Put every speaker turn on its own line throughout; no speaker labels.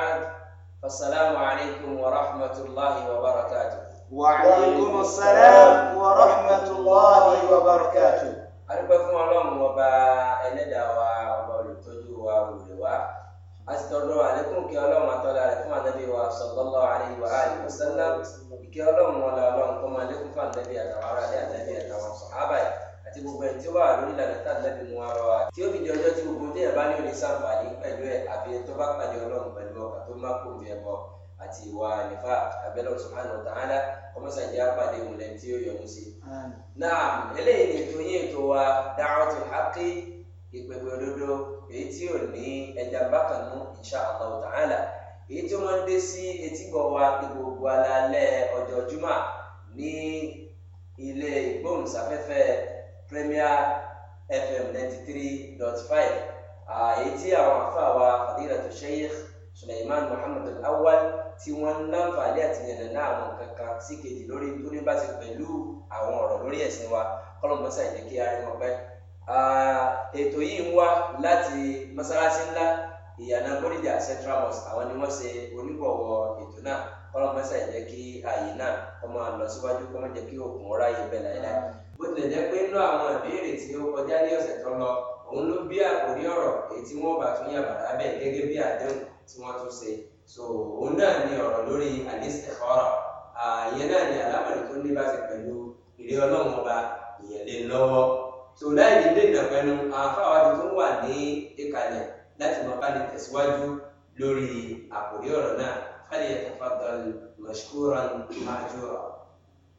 وبعد فالسلام عليكم ورحمة الله وبركاته وعليكم السلام ورحمة الله وبركاته adúpẹ́ fún ọlọ́run ọba ẹlẹ́dàá wa ọba olùtọ́jú wa olùrẹ̀ wa a ti tọrọ àlékún kí ọlọ́run àtọ́lá rẹ̀ fún ànábì wa sallallahu alaihi wa alihi wa sallam ìkẹ́ ọlọ́run ọlọ́run kọ́ máa lékún fún ànábì àtàwọn aráàlú ànábì àtàwọn sọ̀hábà yìí àti gbogbo ẹni tí ó bá wà lórí ìlànà tá ànábì mú ara wa tí ó fi di ọjọ́ tí gbogbo téèyàn bá ní òní sàǹfààní pẹ̀lú ẹ̀ àfi tó bá pàdé ọlọ́run pẹ̀lú ọkà tó má kò ní ẹ̀kọ́ àti ìwà nífà abẹ́lẹ́ subhanahu wa ta'ala kọ́mọ́sá jẹ́ àpàdé ìwòlẹ̀ tí ó yọ̀nù sí. náà eléyìí ni ètò yín ètò wa da'watul haqqi ìpèpè òdodo èyí tí ò ní ẹja bákanú insha Allah ta'ala èyí tí ó máa ń dé sí etígbọ̀ wa gbogbo alálẹ́ ọjọ́ jumá ní ilé ìgbóhùnsáfẹ́fẹ́ Premier FM ninety three dot five èyí tí àwọn afáwa fadila tó sheikh Suleiman Muhammad Al-Awwal tí wọ́n ń láǹfààní àti yànnàná àwọn kankan sí kejì lórí tó ní bá ti pẹ̀lú àwọn ọ̀rọ̀ lórí ẹ̀sìn wa kọ́lọ́mọ́sá ìdíkí arẹ́mọpẹ́ ètò yìí ń wá láti mọ́sálásí ńlá ìyànà bóríjà central mosque àwọn ni wọ́n ṣe onígbọ̀wọ́ ètò náà kọ́lọ́mọ́sá ìjẹ́ kí ààyè náà kọ́ máa lọ jẹ́ kí òkun ọ̀rá yìí bẹ̀ láyé láyé bó tilẹ̀ jẹ́ pé nínú àwọn ìbéèrè tí ó kọjá ní ọ̀sẹ̀ tó lọ òun ló bí àkórí ọ̀rọ̀ èyí tí wọ́n bá tún yà bàrà bẹ́ẹ̀ gẹ́gẹ́ bí àdéhùn tí wọ́n tún ṣe so òun náà ni ọ̀rọ̀ lórí àdìsẹ̀kọ́rọ̀ àyẹn náà ni alámọ̀lẹ́ tó ní bá ṣe pẹ̀lú ìrẹ́ ọlọ́run ọba ìyẹn lè lọ́wọ́ so láì ní lè dàn pẹ́nu àfáwá ti tún wà ní ìkàlẹ̀ láti mọ̀ bá lè tẹ̀síwájú lórí àkórí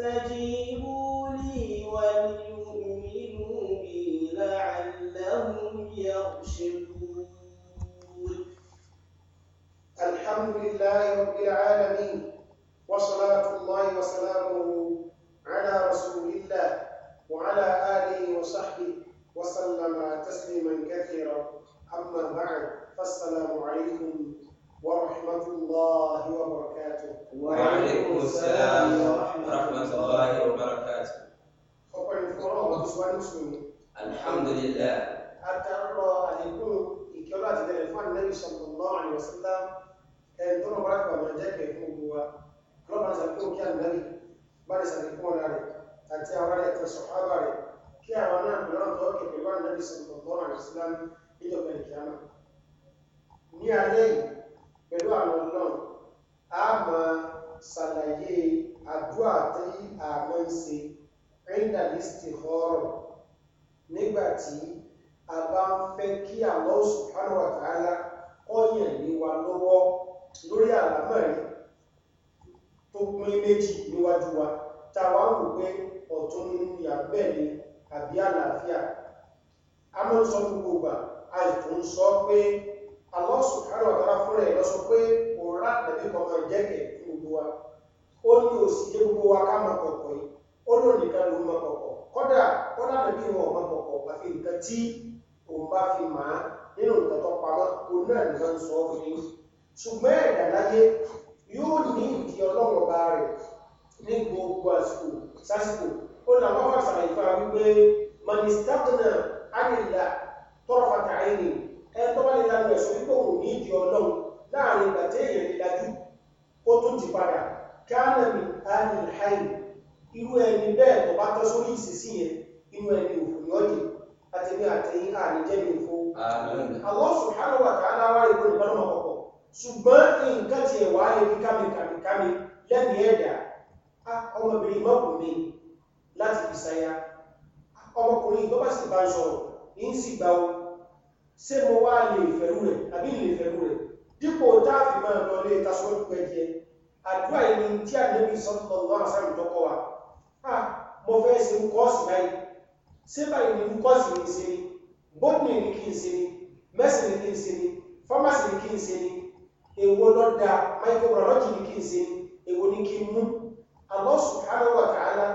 فاستجيبوا لي وليؤمنوا بي لعلهم يرشدون الحمد لله رب العالمين وصلاة الله وسلامه على رسول الله وعلى آله وصحبه وسلم تسليما كثيرا أما بعد فالسلام عليكم ورحمة الله وبركاته وعليكم السلام ورحمة الله
وبركاته
ọpẹ́ ìfọ́rọ̀ ọ̀gbọ̀n tí wọ́n ní sùn alhamdulillah àtàrọ̀ àdínkùn ìkẹ́lọ́ àti ìdẹ̀rẹ̀ fún àdínẹ́bì sallallahu alaihi wasallam ẹni tó rọ̀ bárakà ọ̀nà jẹ́ kẹ̀ fún gbogbo wa lọ́nà sàkó kí àdínẹ́bì bá lè sàkó ọ̀nà rẹ̀ àti àwọn rẹ̀ tó sọ̀hábà rẹ̀ kí àwọn náà pẹ̀lú ọ̀tọ̀ ọ̀kẹ̀ pẹ̀lú àdínẹ́bì sallallahu alaihi wasallam níjọba ìkìyàmà ní alẹ́ yìí pẹ̀lú àwọn náà a máa ṣàlàyé àdúrà tí a máa ń ṣe ríndàlísítì ọ̀rọ̀ nígbàtí a bá ń fẹ́ kí Allah subhanahu wa ta'ala ọyàn lé wa lọ́wọ́ lórí àlámọ̀rí tó pín méjì níwájú wa tàwa wò pé ọ̀tún nínú ìyàgbẹ́ni àbí àlàáfíà a mọ́ sọ gbogbo àìtún sọ pé Allah subhanahu wa ta'ala fúnra ẹ̀ lọ sọ pé òun rà tàbí kọ̀ọ̀kan ìjẹ́kẹ̀ fún gbogbo wa ó ní òsì yé gbogbo wa ká mọ kọ̀ọ̀kọ̀ yìí ó ní òníkan ló mọ kọ̀ọ̀kọ̀ kọ́dà kọ́dà tàbí wọn mọ kọ̀ọ̀kọ̀ àfi nǹkan tí òun bá fi mà á nínú nǹkan tó pamọ́ òun náà ní wọ́n sọ fún yín ṣùgbọ́n ẹ̀dá àwọn afáfàṣà ìfara wípé manistapna anila tọrọfàtà ẹni tó bá lè lanu ẹ̀sùn wípé òun ní ìdí ọlọ́run láàrin ìgbà tí èèyàn lè lajú ó tún ti padà kánàmì ánìl haim irú ẹni bẹ́ẹ̀ tó bá tọ́ sórí ìsìsí yẹn inú ẹni òfò ní ọdẹ àti ní àtẹyìn àníjẹ́mi òfò Allah subhanahu wa ta'ala wá ìbò ìbọnà ọkọ̀ ṣùgbọ́n nǹkan ti ẹ̀wà lè fi kámi kámi kámi lẹ́nu ẹ̀dà ọmọbìnrin ṣé mo wá lè fẹ̀rú rẹ̀ àbí lè fẹ̀rú rẹ̀ dípò táàfì máa lọ lé tasọ́lọ́dù pẹ́jẹ àdúrà ẹni tí àdébí sọ́tọ̀lọ́ àṣàrù tọ́kọ́ wa à mo fẹ́ ṣe ń kọ́ọ̀sì báyìí ṣé báyìí ni kọ́ọ̀sì ní ṣe ni bóòdì ní kí n ṣe ni mẹ́sì ní kí n ṣe ni fámásì ní kí n ṣe ni èwo lọ́dà microbiology ní kí n ṣe ni èwo ní kí n mú Allah subhanahu wa ta'ala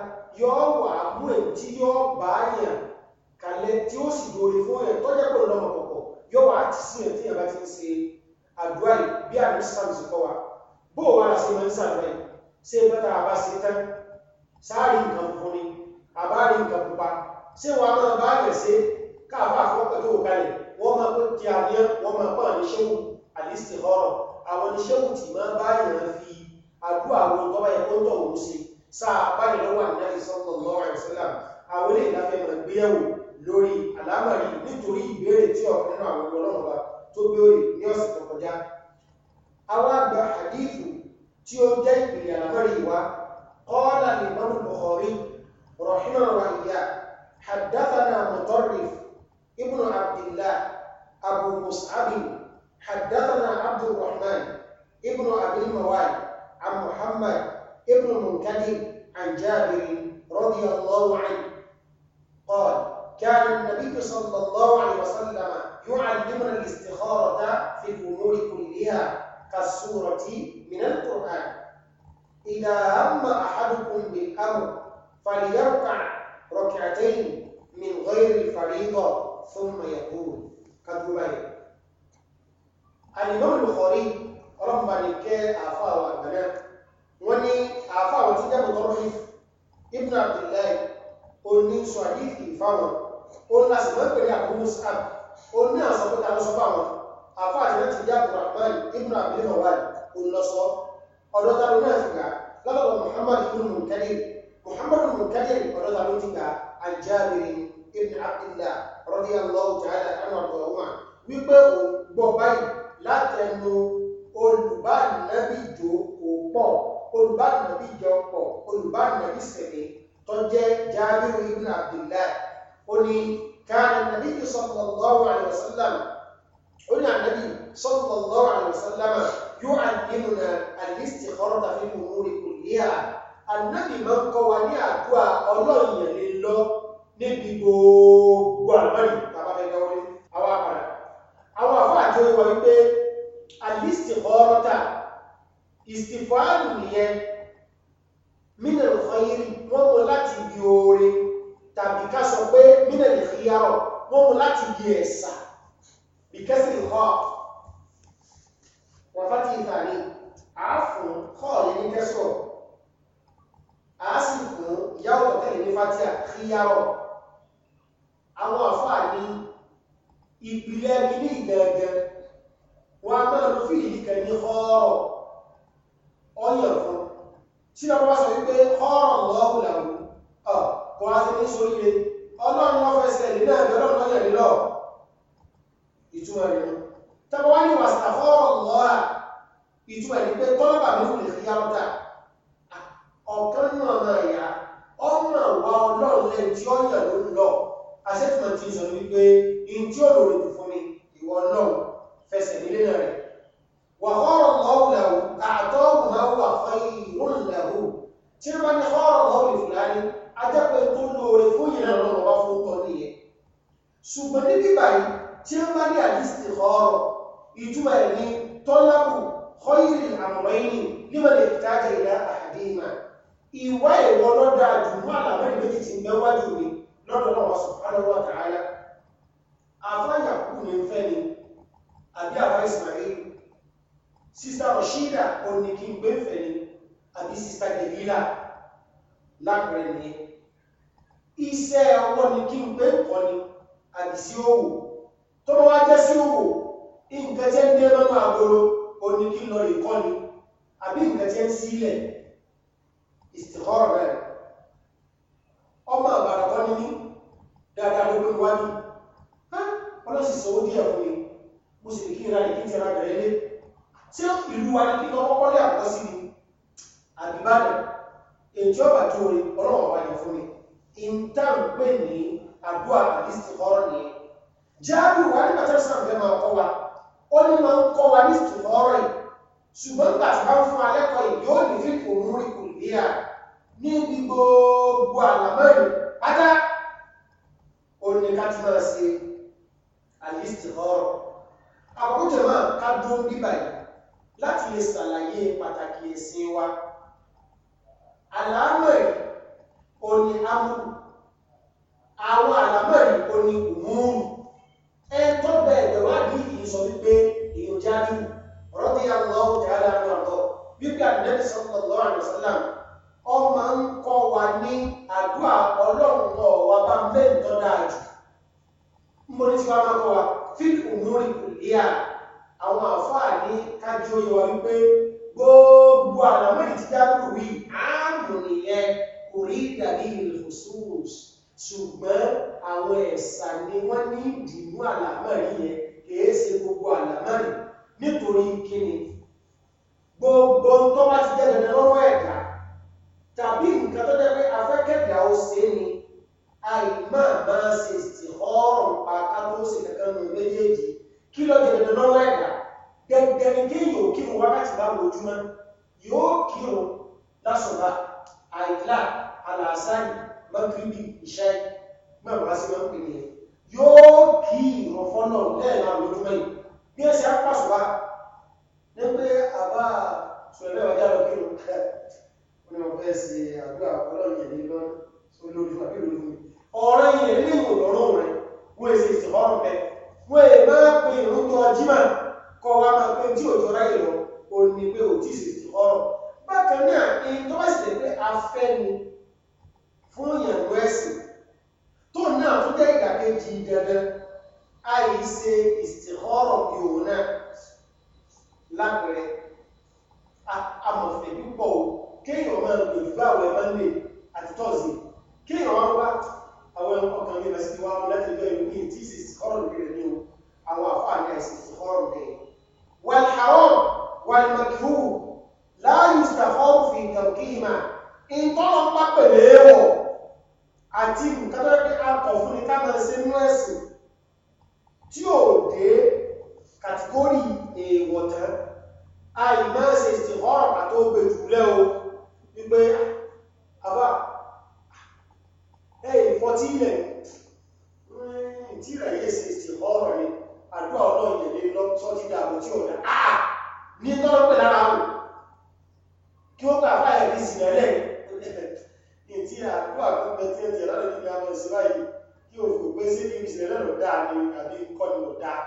yóò wà mú èyí tí yóò bá yàn yóò wá ti sí ẹ̀ tí yàrá ti ń ṣe àdúrà yìí bí àmì sàm sí kọ́ wa bó o wá sí máa ń sàdúrà yìí ṣé ẹ bẹ́ta àbá ṣe tán sáàrí nǹkan funfun ni àbá rí nǹkan pupa ṣé wọn a máa bá rẹ̀ ṣe káàbá àfọ́pẹ́ tó kalẹ̀ wọ́n máa pé ti àníyàn wọ́n máa pọ̀ níṣẹ́wò àlìsí ọ̀rọ̀ àwọn oníṣẹ́wò tí máa bá ìran fi àdúrà àwọn ìjọba ẹ̀kọ́ tọ̀ òun ṣe sáà bá nílọ́wọ́ àdínáyìí sọ́kọ̀ọ́ àwọn ilé ìlàfẹ́ mọ̀ lórí àlámọ̀rí nítorí ìbéèrè tí ọ̀pọ̀ nínú àwọn ọlọ́run wa tó béèrè ní ọ̀sẹ̀ tó kọjá àwọn àgbà hadithu tí ó jẹ́ ìpìlẹ̀ àlámọ̀rí wa qala al-imam al-bukhari rahimahullah haddathana mutarrif ibn abdullah abu mus'ab haddathana abdurrahman ibn abi mawal an muhammad ibn munkadir عن جابر رضي الله عنه قال كان النبي صلى الله عليه وسلم يعلمنا الاستخارة في الأمور كلها كالسورة من القرآن إذا هم أحدكم بالأمر فليركع ركعتين من غير الفريضة ثم يقول كدوبين الإمام البخاري ربنا كي أعفاه وأبناه وني أعفاه وتجاب ضريف ابن عبد الله oní sọ àdífì fáwọn ó ní àsìkò ń pèrè àbú musab ó ní àsọpọ̀tà lọ́sọ fáwọn àfọ àti náà ti jẹ́ abdulrahman ibn abdul mawad olùlọ́sọ ọ̀dọ́ ta ló náà ti gbà lọ́dọ̀ muhammad ibn munkadir muhammad ibn munkadir ọ̀dọ́ ta ló ti gbà ajábìrì ibn abdullah radiyallahu ta'ala anhu àbúrọ̀wọ̀n wípé pọ̀ olùbánàbíjọ pọ̀ olùbánàbí sẹ̀lẹ̀ tó jẹ́ Jábírù ibn Abdullah ó ní káàdì nàbí sallallahu alaihi wasallam ó ní ànábì sallallahu alaihi wasallam yóò àdínúna al-istikharata fi umuri kulliha ànábì máa ń kọ́ wa ní àdúrà ọlọ́yìn lè lọ níbi gbogbo àlọ́rìn tàbá àwọn àpàdà àwọn àfáà àjọ ìwọ̀ wípé al-istikharata ìsìfàánù mínà ìfọyírí wọ́n mú láti ibi oore tàbí ká sọ pé mínà ìfìyàrọ̀ wọ́n mú láti ibi ẹ̀sà bí kẹ́sìrì họ́ wọ́n fá ti ìfàní àáfún họ́ọ̀lì ní kẹ́sọ̀ àásìkún ìyáwó tọ̀tẹ̀lẹ̀ ní fatia fìyàrọ̀ àwọn àfáà ní ìpìlẹ̀ mi ní ìgbẹ̀gẹ̀ wọ́n máa lọ fìlì ní ọ̀rọ̀ ọyọ̀ fún tí ọmọ bá sọ wípé ọ̀rọ̀ lọ́wọ́ làwọn ọ̀pọ̀ àti ní sóríire ọlọ́run lọ fẹsẹ̀ nínú ẹ̀bẹ̀ ọlọ́run lọ́yẹ̀ nílọ ìtumọ̀ rẹ̀ tọ́bọ̀ wá ní wàsà fọ́ọ̀rọ̀ lọ́ra ìtumọ̀ ní pé tọ́lọ́bà mú lè fi yáwọ́ta ọ̀kan náà náà yá ọmọ wa ọlọ́run lẹ́ni sí òwò tó bá wá jẹ́ sí òwò nǹkan tí ń dé mọ́nú àgbòrò òní kí lọ rè kọ́ni àbí nǹkan tí ń sílẹ̀ ìsìnkọ́rọ̀ rẹ̀ ọmọ àbàràkọ́ ní ní dáadáa ló gbé wájú ọlọ́sì sọ ó díẹ̀ fún mi mo sì kí ìrìnà ìkí tẹ̀ra bẹ̀rẹ̀ lé tí ìlú wa ní kíkọ́ kọ́kọ́ lé àkọ́ sí mi àbíbádà èjì ọba tó rí ọlọ́wọ̀ wájú fún mi ìntàn pè ní àdúrà àdìsìkọ́rọ̀ nìyẹn jáàbù wà nígbà tó sàn fẹ́ máa kọ́ wa ó ní máa ń kọ́ wa ní ìtùkọ́rọ̀ yìí ṣùgbọ́n nígbà tí wọ́n fún alẹ́kọ̀ọ́ yìí yóò ní fi òun rí kò lé à níbi gbogbo àlámọ́rin pátá ó ní ká ti máa ṣe àdìsìkọ́rọ̀ àkójọ náà ká dún bíbà yìí láti lè ṣàlàyé pàtàkì ẹ̀sìn wa àlámọ́rin ó àwọn àlámọ̀rí oní òmùrù ẹ̀tọ́ bẹ̀rẹ̀ wádìí yìí sọ wípé èèyàn jáde ọ̀rọ̀ tí a lọ tẹ̀lé àwọn àbọ̀ wípé àdìdẹ́bí sallallahu alaihi wasallam ọmọ ń kọ́ wa ní àdúrà ọlọ́run kọ́ wa bá ń bẹ́ẹ̀ tọ́ dáa jù mo ní tí wàá máa kọ́ wa fi òmùrì kùlíà àwọn àfáà ní kájú yọ wípé gbogbo àlámọ̀rí ti dábùrù yìí nìyẹn kò rí ìdàbí ìlú ṣùgbọ́n àwọn ẹ̀sà ni wọ́n ní ìdìmú àlàmọ́rí yẹn kìí ṣe gbogbo àlàmọ́rí nítorí kíni gbogbo tó bá ti jẹ́ dandan lọ́wọ́ ẹ̀dá tàbí nǹkan tó jẹ́ pé afẹ́kẹ̀dá ó ṣe ni àìmọ́ máa ṣe ti ọrùn pa kábó ṣe kankan nù méjèèjì kí ló jẹ́ dandan lọ́wọ́ ẹ̀dá dẹ̀dẹ̀ni kéèyàn ò kírun wákàtí bá lójúmọ́ yóò kírun lásùnbà àìlà àlàásáyìí mọ́kìrìbì ìṣẹ́ mẹ́wàá sí máa ń pè nìyẹn yóò kí ìrọ̀fọ́ náà lẹ́ẹ̀nà lójúmọ́ yìí bí ẹ ṣe á pàṣọ wá ní pé àbá ṣùgbọ́n ọjà lọ kí ló kẹ́ ní wọ́n fẹ́ ṣe àdúrà ọlọ́run yẹn ní lọ́nà olórí àbí olórí mi ọ̀rọ̀ yẹn ní ìwò lọ́rùn rẹ̀ wọ́n èsì ìṣèwọ́rùn bẹ́ẹ̀ wọ́n èyí máa pe ìrújọ jimá kọ́ wa máa pe tí òjò ráyè lọ òní pé òtí ìṣèṣì ọ̀rọ̀ bákan náà ní tó bá sì tẹ̀ pé afẹ́ ni fún ìyẹ̀wò ẹ̀sìn tó náà tó jẹ́ ìdàkejì dandan àì ṣe ìsìnkọ́rọ̀ ìhò náà lápẹẹrẹ amọ̀fẹ́ púpọ̀ kéèyàn máa gbèjú bá àwọn ẹ̀mọ́ lè àti tọ́sí kéèyàn wá wá àwọn ọkàn lè bẹ̀sí wá wọn láti lọ ìwé tí sì kọ́rọ̀ ní àwọn àfáà ní àìsí sí kọ́rọ̀ rẹ̀ wal haram wal makruh la yustafadu fi tawqima ìtọ́lọ́pá pẹ̀lẹ́ wọ̀ àti nǹkan tó yẹ akọ̀ fún ní ká máa ṣe nú ẹ̀sìn tí ò dé kàtígórì èèwọ̀ tán àì máa ṣe ìsìnkọ́rọ̀ o wípé àbá ẹ̀yìn fọtí ilẹ̀ tí rẹ̀ yé ṣe ìsìnkọ́rọ̀ rẹ̀ àdúrà ọlọ́run yẹ̀ lé lọ́tọ́ tí dàbò tí ò dá ah! ní tọ́lọ́pẹ̀ lára wò kí ó gbà fáyẹ̀ ní ìsìnlẹ̀ tí àdúrà tó bẹ tí ẹ tẹ̀ lọ́dọ̀ níbi àwọn ìsìn báyìí kí o fò pé síbi ìṣẹ̀lẹ̀ lọ́nà dáa ni àbí kọ́ ni ò dáa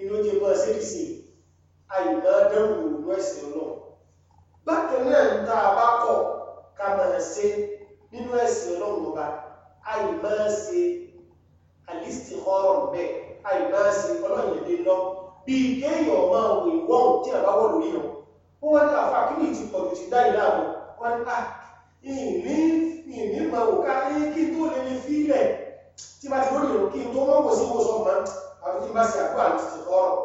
inú jẹ́ mọ́ sídìsì àyùmọ́ dẹ́rù òun ẹ̀sìn náà bákan náà ń ta bá kọ̀ ká máa ṣe nínú ẹ̀sìn ọlọ́run ọba àyùmọ́ ṣe àlìsì ọrọ̀ bẹ́ẹ̀ àyùmọ́ ṣe ọlọ́yẹ̀dẹ́ lọ bí kéèyàn máa wò ìwọ́n tí àbáwọ̀ lórí wọn wọ́n ní àfa kí ni ìtìpọ̀ tó ti dá ìlànà wọn ní à ah, ìní ìní ma wò ká ní kí tó lè ní fílẹ̀ tí bá ti lórí ìrò kí tó mọ́ wò sí wò sọ mọ́ àfi kí bá sì àgbà àti ti fọ́rọ̀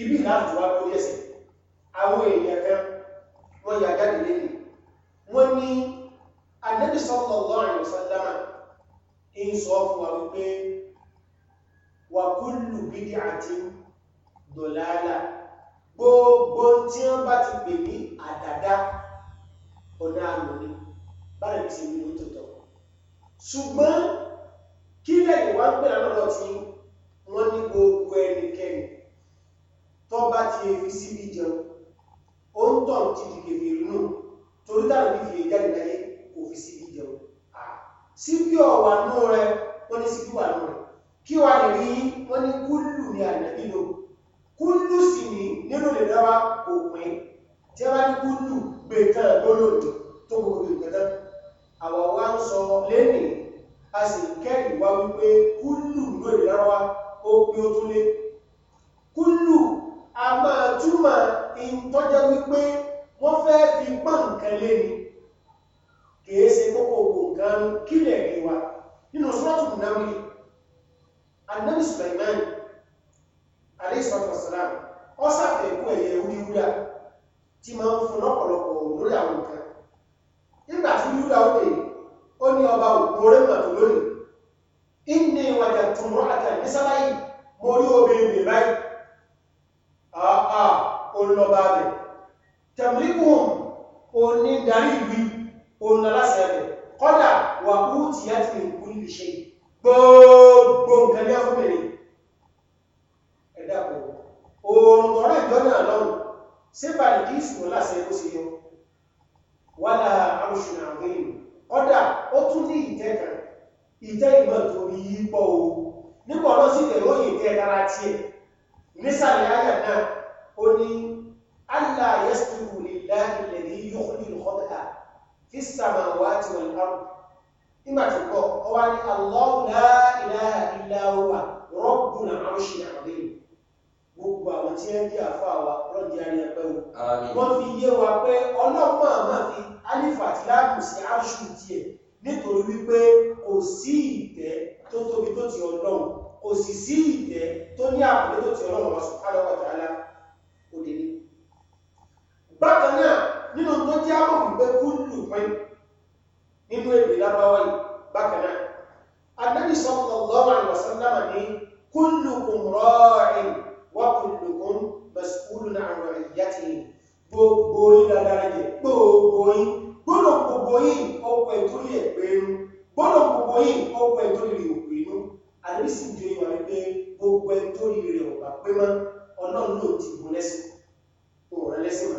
ibi láti wá lórí ẹsẹ̀ àwọn èèyàn kan wọ́n yà jáde lé wọ́n ní Ànábì sallallahu alaihi ń sọ fún wa wípé wà kullu bid'atin dọ̀láàlà gbogbo tí wọ́n bá ti pè ní àdàdá ọ̀nà àlòní báyìí ti ní ó tòótọ́ ṣùgbọ́n kí lẹ́yìn wá ń pè lọ́dọ̀ tí wọ́n ní gbogbo ẹnikẹ́ni tó bá ti fi síbi jẹun ó ń tọ̀ ti di kèfèrè nù torí táwọn ní fìyè jáde láyé kò fi síbi jẹun síbí ọ̀wà nù rẹ wọ́n ní síbí wà nù rẹ kí wà lè rí wọ́n ní kúlù ní ànàbí lò kúlù sì ní nínú lè dáwà òpin tí a bá ní kúlù gbé tán lólòdì tó gbogbo ìgbẹ́tán àwọn wá ń sọ lẹ́nì a sì kẹ́rì wá wípé kúlù ló ìlọ́rọ̀wá ó pé ó tún lé kúlù a máa túmọ̀ ìtọ́jẹ́ wípé wọ́n fẹ́ fi pá nǹkan lé ni kìí ṣe kókó òkú nǹkan kílẹ̀ rí wa nínú sọ́tù náwí annabi Sulaiman alayhi salatu wassalam ẹ̀yẹ wúdiwúdà tí máa ń fún lọ́pọ̀lọpọ̀ lórí àwọn nǹkan nígbà tí yúdà ó lè ó ní ọba òkúrò mọ̀tò lónìí inú ìwàjà tùmọ̀ àjà ní sáláyì mo rí obìnrin mi báyìí àà olùlọba rẹ̀ tẹ̀mílíkùn òní darí ìlú òun aláṣẹ rẹ̀ kọ́dà wà kú tí á ti kú ní ìṣe gbogbo nǹkan ní ọkùnrin ẹ̀dàpọ̀ oòrùn tọ́rọ ìjọ náà lọ́rùn sí bàrìkì ìsìnkú láṣẹ ó sì yọ wàlà arúṣùnà àwìn ọ̀dà ó tún ní ìtẹ́ kan ìtẹ́ ìmọ̀ tó rí yípo o nípa ọ̀rọ̀ sí ìtẹ̀lóyìn ìtẹ́ dára tiẹ̀ nísàlẹ̀ ayà náà ó ní allá yẹ́sùrù lillahi lẹ́rí yóò ní ìkọ́dà gbogbo àwọn tí ẹ́ ń jẹ́ àfá wa lọ́dí àríyàn pẹ́ o wọ́n fi yé wa pé ọlọ́pàá máa fi alifa àti láàmù sí aṣù díẹ̀ nítorí wípé kò sí ìtẹ́ tó tóbi tó ti ọlọ́run kò sì sí ìtẹ́ tó ní àpòlé tó ti ọlọ́run wa subhanahu wa ta'ala òde ní bákan náà nínú tó jẹ́ àmọ̀ wípé kúlù pín nínú èdè lábáwá yìí bákan náà Ànábì sallallahu alaihi wasallam ní kullukum ra'in wọ́kùnlùkún mẹ́sùkúlù náà rẹ̀ ìyátìyìn gbogbo yí dáadáa jẹ gbogbo yí gbọ́nà gbogbo yí ọkọ̀ ìtòrí ẹ̀pẹ́ inú gbọ́nà gbogbo yí ọkọ̀ ìtòrí rẹ̀ òkú inú àdébísì ju ìwà wípé gbogbo ìtòrí rẹ̀ ọ̀gbà pé mọ́ ọlọ́run ló ti gún lẹ́sìn òun lẹ́sìn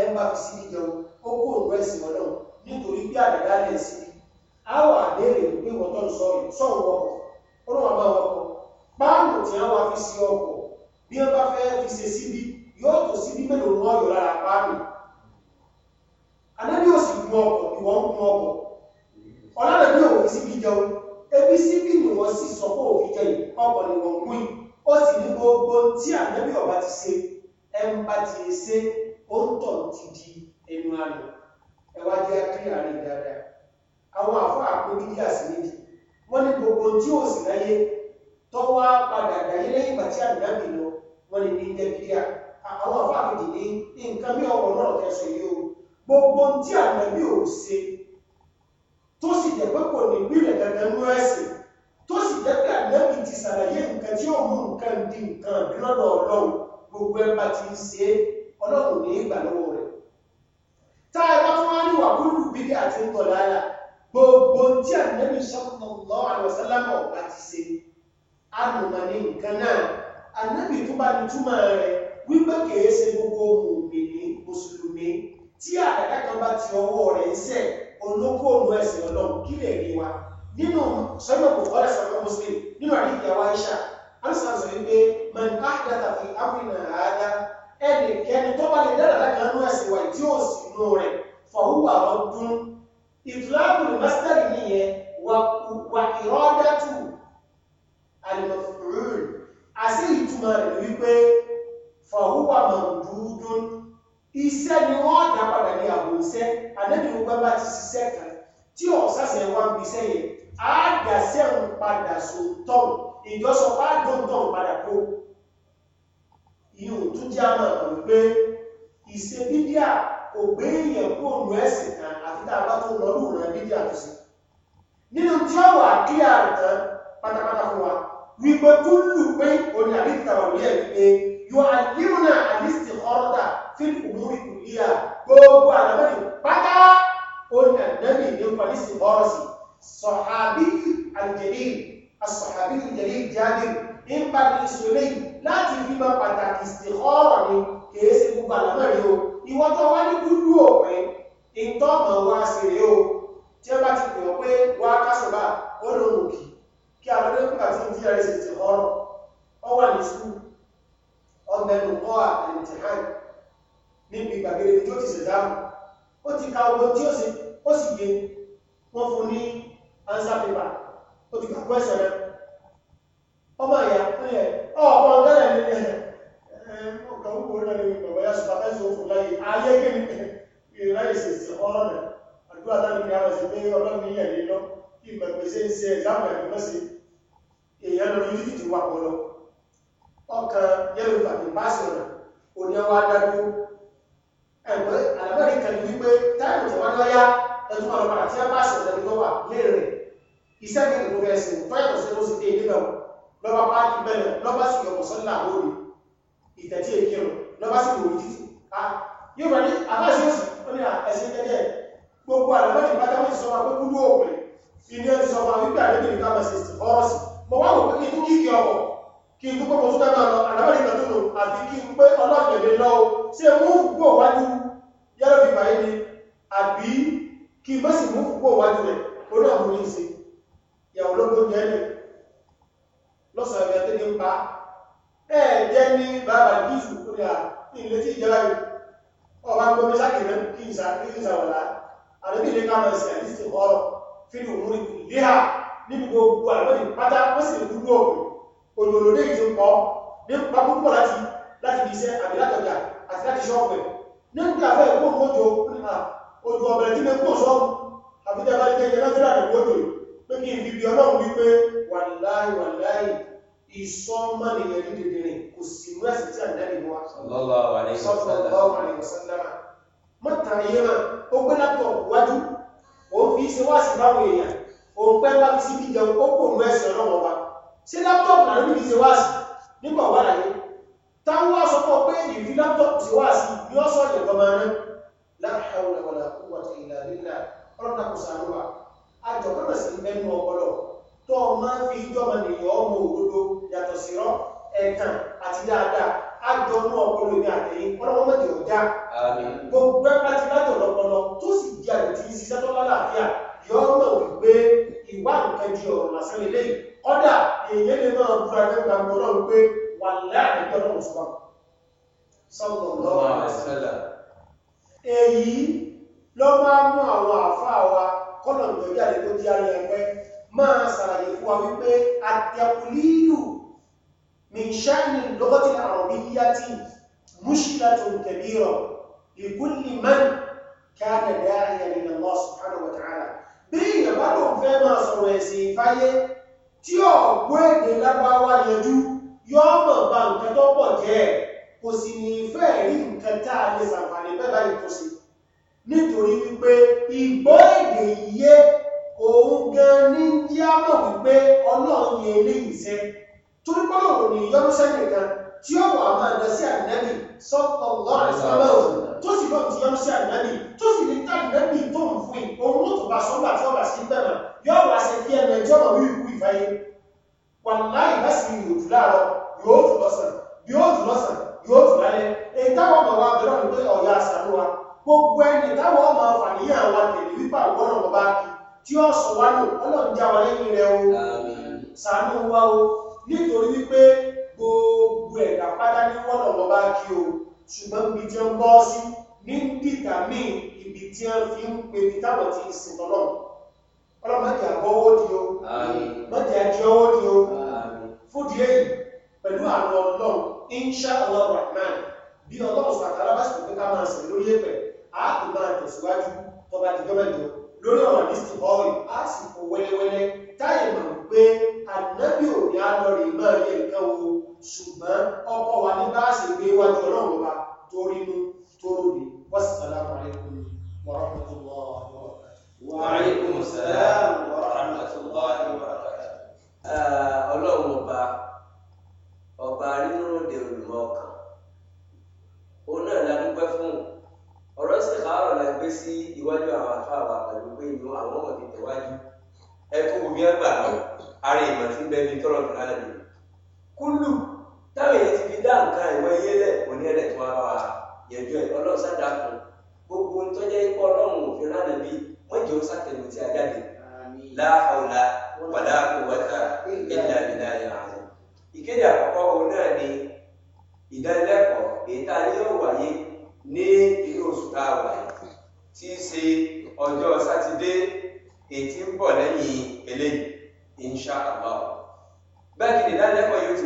ẹ ń bá fi síbi jẹun ó kó òun ẹ̀sìn ọlọ́run nítorí bí àdàdà lẹ̀ sí i á wà béèrè pé wọ́n tọ́ sọ sọ́run ọkọ̀ ó lọ́wọ́ bá wọn kọ páàlù tí wọ́n wá fi sí ọkọ̀ bí wọ́n bá fẹ́ fi ṣe síbi yóò tó síbi mélòó wọn yọ lára páàlù anábí òsì gun ọkọ̀ bí wọ́n gun ọkọ̀ ọlọ́rẹ̀ bí òun síbi jẹun ebi síbi ni wọ́n sì sọ pé òun jẹ ọkọ̀ ni wọ́n gún ó sì ní gbogbo tí ànábì ọba ti ṣe ẹ ti ṣe ó ń tọ̀ ti di ẹnu àrùn ẹwà jẹ́ àkíyà rẹ̀ dáadáa àwọn àfọ́ àpébídíà sí méjì wọ́n ní gbogbo tí ó sì láyé tó wá padà dáyé lẹ́yìn ìgbà tí àdúrábì lọ wọ́n ní ní jẹ́bídíà àwọn àfọ́ àpèdè ní nǹkan bí ọ̀rọ̀ náà kẹsọ̀ yìí o gbogbo tí àdúrábì ò ṣe tó sì jẹ́ pé kò ní gbílẹ̀ dandan nú ẹ̀sìn tó sì jẹ́ pé àdúrábì ti ṣàlàyé nǹkan tí ó mú nǹkan di nǹkan lọ́dọ̀ ọlọ́run gbogbo ẹ bá ti ń ṣe é ọlọ́run ní ìgbà lọ́wọ́ rẹ̀ tá a bá tún wá ní wàkúrú bídí àti ńtọ̀lára gbogbo tí ànábì sallallahu alaihi wasallam bá ti ṣe àmùmọ̀ ní nǹkan náà ànábì tó bá ní túmọ̀ rẹ̀ wípé kìí ṣe gbogbo mùmìnì mùsùlùmí tí àdàdà kan bá ti ọwọ́ rẹ̀ ń sẹ̀ olókó òun ẹ̀sìn ọlọ́run kí lè rí wa nínú sọ́yọ̀ kò kọ́ ẹ̀sìn ọlọ́run muslim nínú àdìgbà wa ń ṣà á ń sàn sọ wípé man ahdatha fi amrina hadha ẹnìkẹ́ni tó bá lè dára kan nú ẹ̀sìn wà tí ó sì nú rẹ̀ fọ̀húwà ọdún ìtùlábùrù mọ́sítẹ́rì nìyẹn wà ìrọ́dẹ́tù alìmọ̀fùrùn àti ìtumọ̀ rẹ̀ wípé fọ̀húwà mọ̀dúdún iṣẹ́ ni wọ́n dá padà ní àbò iṣẹ́ àdẹ́bí gbogbo bá ti ṣiṣẹ́ kan tí ọ̀sásẹ̀ wá ń ìyẹn ò tún jẹ́ àmọ́ ọ̀rọ̀ wípé ìṣe bídíà kò gbé èèyàn kú òun ẹ̀sìn kan àti tá a bá tún lọ́rù rẹ̀ bídíà tó sí nínú tí ó wà kí àrùtàn pátápátá fún wa wípé kúlù pé òní àdìtàwà wí ẹ̀ wípé yóò àdìmúnà àdìsí ọ̀rọ̀dà fún òmùrí kùlíà gbogbo àdàmọ́ni pátá òní àdàmì ní pàdísì ọ̀rọ̀ sọ̀hábí àjẹ̀lì asọ̀hábí àjẹ̀lì jáde ń bá ní sọ léyìí láti fi máa pàtàkì sí ni kìí ṣe gbogbo àlámọ̀rí o ìwọ tó wá ní gúdú òpin ìtọ́mọ̀ wá sí rèé o tí ó bá ti pè ọ́ pé wá kásọ̀bà ó ló mú kí kí abúlé nígbà tí ń díẹ̀ sí ti ọ̀rọ̀ ọ wà ní ọmọ ìyá ẹ̀ ọ̀pọ̀ ọ̀gẹ́rẹ̀ ní ẹ̀ ọkàn wúwo náà ní bàbá yá sùpàtà ìṣòwò fún láyé ayé kí ni ìráyè sì sí ọ̀rọ̀ rẹ̀ àdúrà táwọn ìyá rẹ̀ sí pé ọlọ́run ilẹ̀ ní lọ kí ìgbàgbé ṣe ń ṣe ẹ̀dáàmù ẹ̀mí mọ́sí èèyàn lọ ní títí wà pọ̀ lọ ọkàn yẹ́lò tàbí páàsì rẹ̀ ò ní ọwọ́ adájú ẹ̀gbẹ́ àlábẹ́rẹ́ kan ní wípé táìmù tó wájú ọyá ẹtú ọ̀rọ̀ padà tí wọ́n páàsì rẹ̀ lọ́wọ́ lérè iṣẹ́ kí ni mo fẹ́ sìn tọ́yàtọ̀ sí ló sì dé nílẹ̀ lọ́ba páàkì bẹ̀rẹ̀ lọ́ba sì yọ mọ̀sánlá lórí ìtẹ̀tí èkí rẹ̀ lọ́ba sì lòrí títì a yóò rẹ̀ ní aláṣẹ́sì ó ní ẹ̀sìn jẹ́jẹ́ gbogbo àlọ́bá ti bájá wọ́n ti sọ́wọ́ pé kúrú òpin ilé ti sọ́wọ́ wípé àlejò ní káàmà sí ti ọ̀rọ̀ sí mo wá wò pé kí n tún kíkì ọkọ̀ kí n tún kọ́ mọ̀tún dáná lọ àlọ́bá ní ìtọ́jú lò àfi kí n pé ọlọ́ọ̀gẹ̀dẹ̀ lọ o ṣé mú gbò wájú yẹ́rọ fi bàyí ni àbí kí n bá sì mú gbò wájú rẹ̀ ó náà mú ní ìsìn ìyàwó lógún jẹ́ lọ́sàn-án ẹ̀rẹ́ tẹ́lẹ̀ ń pa ẹ̀ jẹ́ ní bàbá gíìsù tó ní à ní ilé tí ìjọba yìí ọba ń gbọmí sákì rẹ̀ kí ìsà kí ìsà wọ̀lá àdébí ilé ká máa ṣe àdísì ọrọ̀ fílì òmúrí léhà níbi gbogbo àlọ́yìn pátá wọ́n sì dúró òkú òdòdó ní ìtì pọ̀ ní pàpúpọ̀ láti láti di iṣẹ́ àbí látọjà àti láti ṣọ́ọ̀bù ẹ̀ nígbà fẹ́ ìkóòrò ojú pé kí n fi bí ọlọ́run wípé wàláì wàláì ìsọ́mọ́nìyàn ní dìdìrìn kò sí mú ẹ̀sì tí àdáyé wá sallallahu alaihi wasallam mọ́tàrí yẹ́mà ó gbé látọ̀ wájú ó fi ṣe wá sí báwọn èèyàn ó ń pẹ́ bábi sí jíjẹ ó pò mú ẹ̀sì ọlọ́run ọba ṣé látọ̀pù náà níbi ṣe wá sí nígbà wà láyé táwọn wá sọ àjọkọ́nà sí mẹ́nu ọpọlọ tó máa ń fi ìjọba nìyàn ọmọ òdodo yàtọ̀ sírọ́ ẹ̀tàn àti dáadáa àjọ ní ọpọlọ ní àtẹ̀yìn ọlọ́wọ́ mẹ́jọ ọjà gbogbo ẹgbẹ́ ti látọ̀ lọpọlọ tó sì di àdìtì ṣiṣẹ́ tó lálàáfíà yọ́ mọ̀ wípé ìwà nǹkan di ọ̀rọ̀ lásán lélẹ́yìn kọ́dà èèyàn lè máa búra nípa ọlọ́run pé wà láàrin ọlọ́run sọ́pọ̀ sọ́pọ̀ lọ́wọ́ èyí ló máa mú àwọn àfáà wa kọ́nà ìgbẹ̀já lè tó di ara ẹ̀pẹ́ máa sàlàyé fún wa wípé àtẹ̀kùlílù mìṣáàlì lọ́gọ́tì àrọ̀bíyàtì mushkilatun kabira li kulli man kana da'iyan ila Allah subhanahu wa ta'ala bí ìyàbá ló ń fẹ́ máa sọ̀rọ̀ ẹ̀sìn ìfáyé tí ọ̀gbọ́ èdè lábáwá yẹjú yọ́ mọ̀ bá nǹkan nítorí wípé ìgbọ́ èdè yé òun gan ní jẹ́ àmọ̀ wípé ọlọ́run yẹ eléyìí sẹ́ torí pọ́lọ̀ òní yọ́núṣẹ́ nìkan tí ó wà máa lọ sí ànábì sọ́pọ̀ lọ́rẹ̀ sọ́lọ́ tó sì lọ́n ti yọ́n sí ànábì tó sì lè tá ànábì tó ń fún òun ló tó bá sọ́gbà tí ó bá sí bẹ̀rẹ̀ yóò wá ṣe kí ẹnu ẹjọ́ lọ rí ikú ìfáyé wà láì bá sì yóò jù láàárọ̀ yóò jù lọ́sàn yóò jù lọ́sàn yóò jù lálẹ́ èyí táwọn ọmọ wa bẹ̀rẹ̀ ọ̀yà àṣà ló wa gbogbo ẹni táwọn ọmọ àfàníyàn wa tẹ̀lé wípà wọ́nà ọba tí ó sọ wá lò ọlọ́run já wa lẹ́yìn rẹ̀ o ṣàánú wa o nítorí wípé gbogbo ẹ̀dá pátá ní wọ́nà ọba kí o ṣùgbọ́n ibi tí ó ń bọ́ sí ní dìtà ibi tí ó fi ń pe ní táwọn ti ìsìn tọ́lọ̀ ọlọ́mọdé àbọ́wó di o mọ́dé àjẹ́ owó di o fúdi èyí pẹ̀lú àwọn ọlọ́run inṣá ọlọ́run rahman bí ọlọ́run sàtàlábàsì pé ká máa sìn lórí ẹ̀pẹ̀ a kò bára tẹ̀síwájú tọba ti gọ́mẹ̀jọ lórí ọ̀rọ̀ lísì ọ̀rìn a sì kò wẹ́lẹ́wẹ́lẹ́ táyè mọ̀ pé ànábì ò ní alọ́rẹ̀ náà yẹ nǹkan o ṣùgbọ́n ọkọ̀ wa ní bá ṣe gbé wájú ọlọ́run wa torí nu tó
rò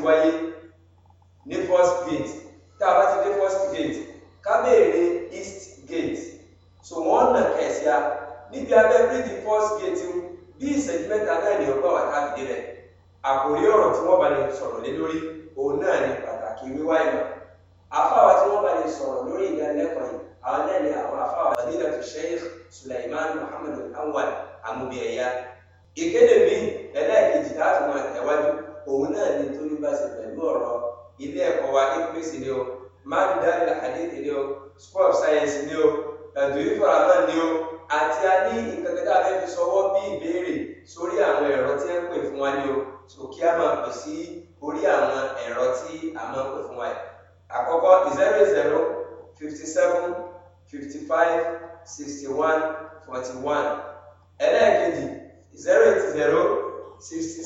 wáyé ní first gate tá a bá ti dé first gate ká béèrè east gate so wọ́n nà kẹ̀sí a níbi abẹ́ bíríìjì first gate bí ìṣẹ́jú mẹ́ta náà ni ọgbà wà káàkiri rẹ̀ àkòrí ọ̀rọ̀ tí wọ́n bá lè sọ̀rọ̀ lé lórí òun náà ni pàtàkì wíwá ìmọ̀ afáwa tí wọ́n bá lè sọ̀rọ̀ lórí ìdánilẹ́kọ̀ọ́ yìí àwọn náà ni àwọn afáwa madina tó sheikh suleiman muhammadu awal amubiyaya ìkéde mi ẹlẹ́ẹ̀kejì láti mọ ẹ̀wájú òun náà ni tó ní bá ṣe pẹ̀lú ọ̀rọ̀ ilé ẹ̀kọ́ wa ni o máàlì dáhìlì àdéhìí ni o school of science ni o ẹ̀dùn ìfọ̀rọ̀ náà ni o àti a ní ìkẹ̀kẹ́ tá a fẹ́ fi sọwọ́ bí ìbéèrè sórí àwọn ẹ̀rọ o so kí a máa pè sí orí àwọn ẹ̀rọ tí a máa ń pè fún wa yìí àkọ́kọ́ zero zero fifty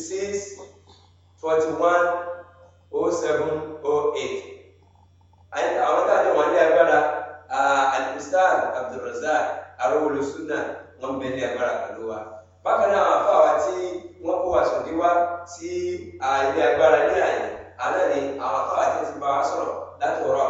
seven 41 07 08 àwọn táàjọ wọn ní agbára ah, alimustar abdulrazak arówolo sunna wọn bẹ ní agbára pẹ̀lú wa bákan náà àwọn afáwa tí wọn kó àṣọdí wá sí ilé agbára ní àyè àná ni àwọn afáwa tí ti bá wa sọ̀rọ̀ láti ọ̀rọ̀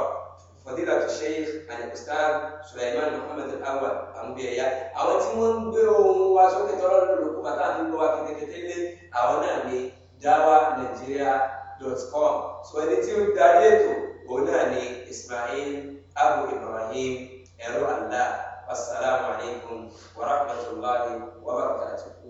fọdílà tó ṣe alimustar suleiman muhammed awa amúbíyẹyà àwọn tí wọn ń gbé ohun wa sókè tọrọ lórí olùkọ́ bàtà àti gbọ́ wa kékeré àwọn náà ni. Ah, dawanigeria.com so ẹni tí ó darí ètò òun náà ni Ismail Abu Ibrahim ẹ̀rọ àlá wassalamu alaikum wa wabarakatuh.